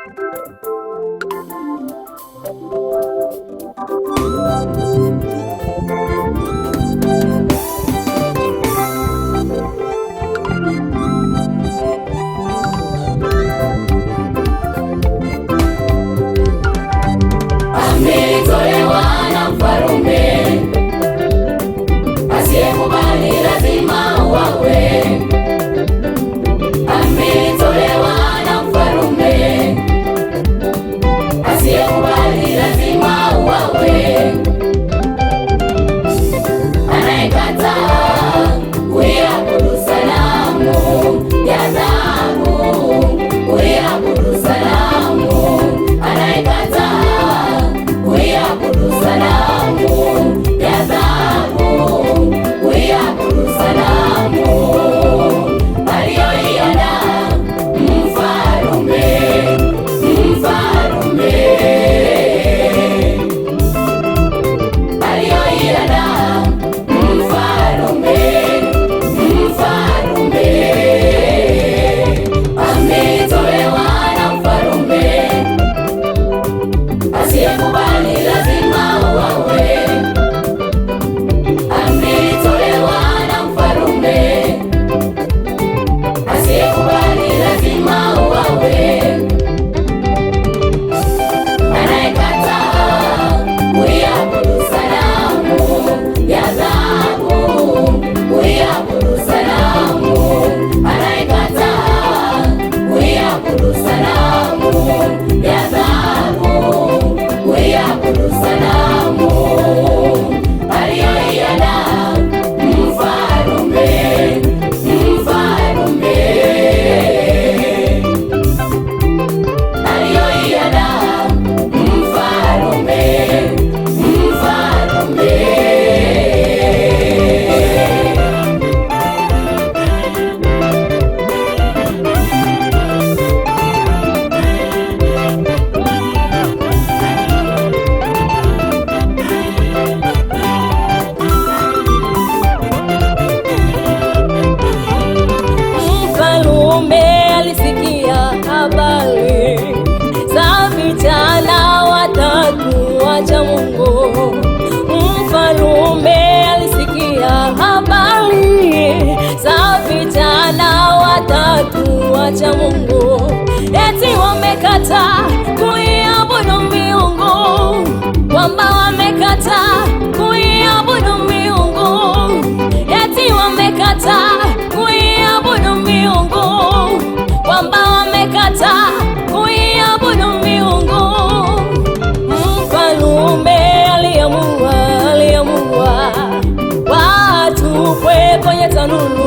Thank you. cha Mungu, eti wamekata kuiabudu miungu, kwamba wamekata kuiabudu miungu, eti wamekata kuiabudu miungu, kwamba wamekata kuiabudu miungu. Mfalume aliamua aliamua watu kwe kwenye tanuru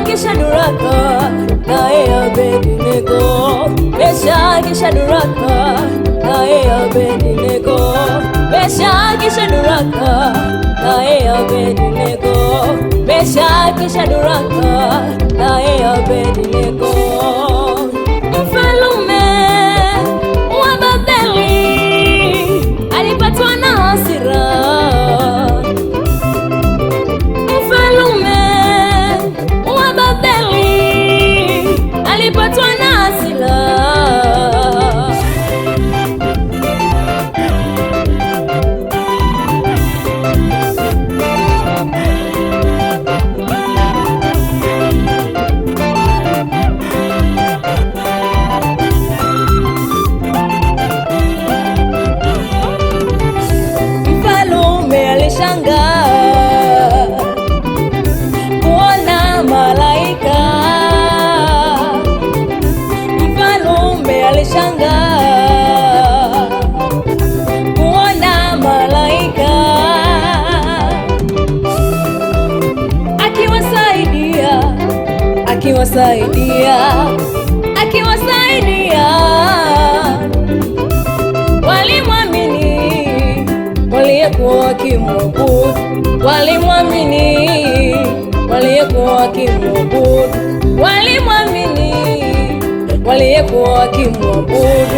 kisha duraka naye Abednego, Mesha kisha naye Abednego, Mesha kisha naye Abednego akiwasaidia akiwasaidia walimwamini waliyekuwa wakimwabudu walimwamini waliyekuwa wakimwabudu walimwamini waliyekuwa wakimwabudu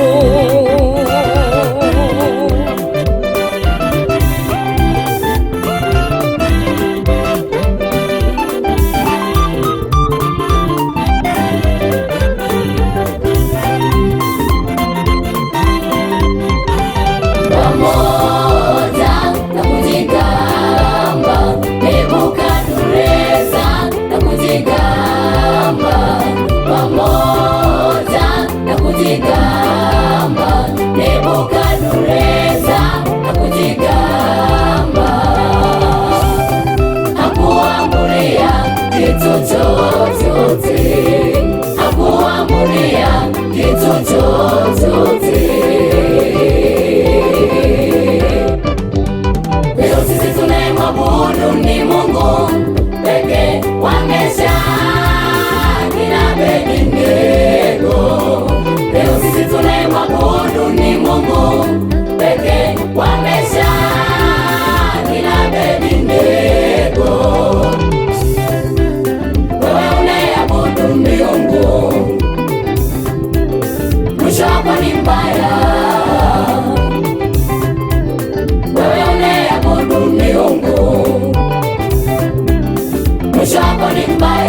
In my.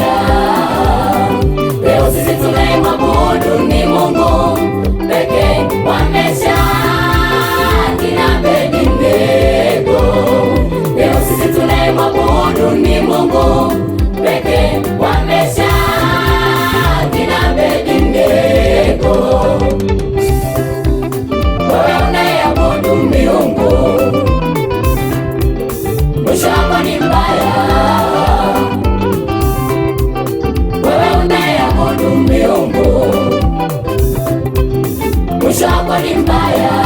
Yeah.